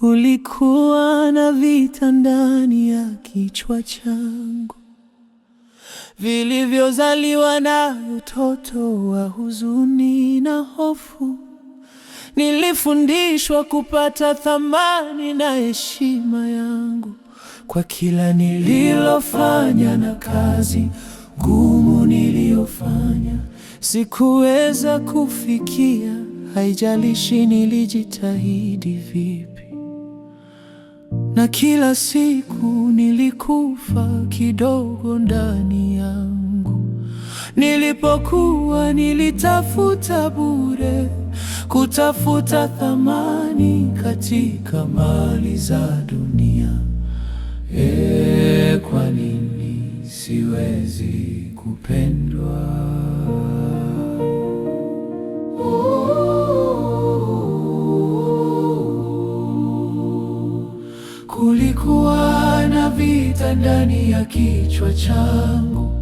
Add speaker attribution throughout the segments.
Speaker 1: Kulikuwa na vita ndani ya kichwa changu vilivyozaliwa na utoto wa huzuni na hofu. Nilifundishwa kupata thamani na heshima yangu kwa kila nililofanya na kazi ngumu niliyofanya, sikuweza kufikia, haijalishi nilijitahidi vipi na kila siku nilikufa kidogo ndani yangu. Nilipokuwa nilitafuta bure, kutafuta thamani katika mali za dunia. E, kwa nini siwezi kupendwa? vita ndani ya kichwa changu.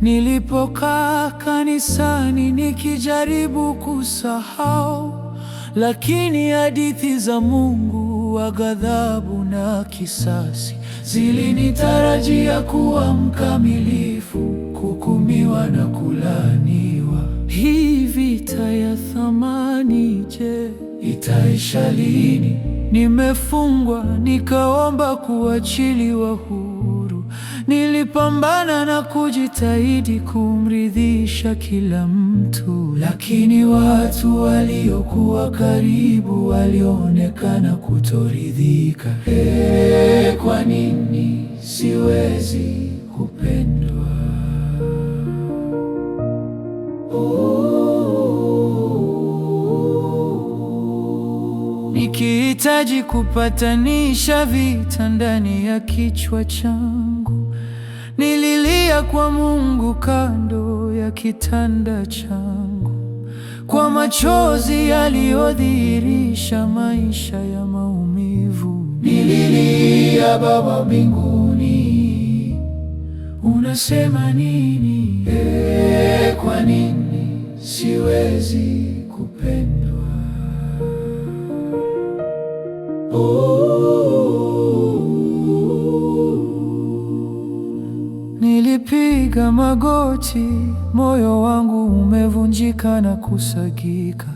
Speaker 1: Nilipokaa kanisani nikijaribu kusahau, lakini hadithi za Mungu wa ghadhabu na kisasi zilinitarajia kuwa mkamilifu, kukumiwa na kulaniwa. Hii vita ya thamani je? itaisha lini? Nimefungwa nikaomba kuachiliwa huru, nilipambana na kujitahidi kumridhisha kila mtu, lakini watu waliokuwa karibu walionekana kutoridhika. Hey, ee, kwa nini siwezi nikihitaji kupatanisha vita ndani ya kichwa changu. Nililia kwa Mungu kando ya kitanda changu, kwa machozi yaliyodhihirisha maisha ya maumivu. Nililia, Baba mbinguni, unasema nini? E, kwa nini siwezi kupenda magoti, moyo wangu umevunjika na kusagika,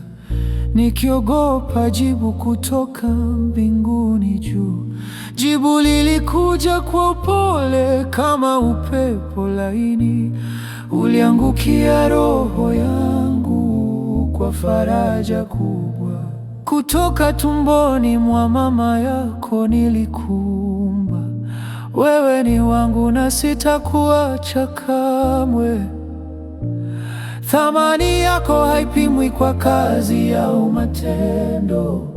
Speaker 1: nikiogopa jibu kutoka mbinguni juu. Jibu lilikuja kwa upole kama upepo laini, uliangukia roho yangu kwa faraja kubwa. Kutoka tumboni mwa mama yako niliku wewe ni wangu na sitakuacha kamwe. Thamani yako haipimwi kwa kazi au matendo,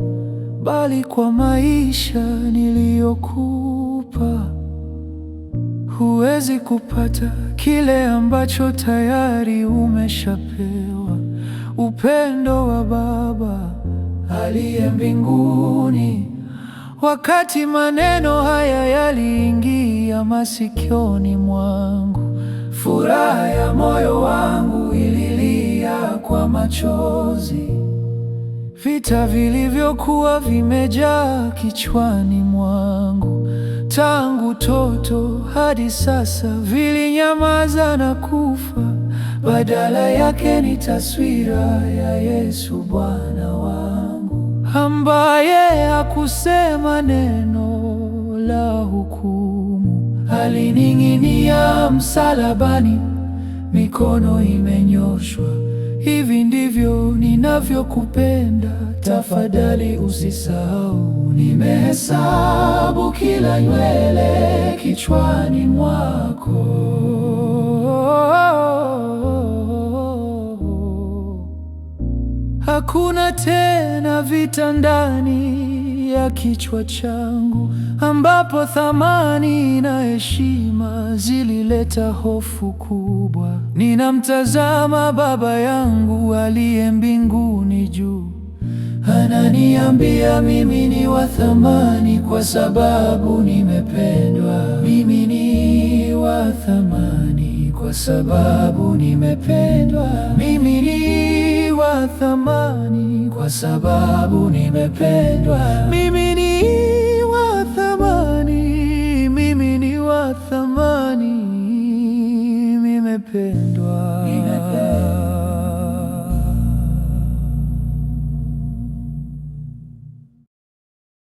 Speaker 1: bali kwa maisha niliyokupa. Huwezi kupata kile ambacho tayari umeshapewa: upendo wa Baba aliye mbinguni. Wakati maneno haya yaliingia masikioni mwangu, furaha ya moyo wangu ililia kwa machozi. Vita vilivyokuwa vimejaa kichwani mwangu tangu toto hadi sasa vilinyamaza na kufa. Badala yake ni taswira ya Yesu Bwana wangu ambaye bila kusema neno la hukumu. Alining'inia msalabani, mikono imenyoshwa. Hivi ndivyo ninavyokupenda, tafadhali usisahau. Nimehesabu kila nywele kichwani mwako. Hakuna tena vita ndani ya kichwa changu, ambapo thamani na heshima zilileta hofu kubwa. Ninamtazama Baba yangu aliye mbinguni juu, ananiambia mimi ni wa thamani, kwa sababu nimependwa. Mimi ni wa thamani, kwa sababu nimependwa. Mimi ni wa thamani kwa sababu nimependwa. Mimi ni wa thamani, mimi ni wa thamani, nimependwa.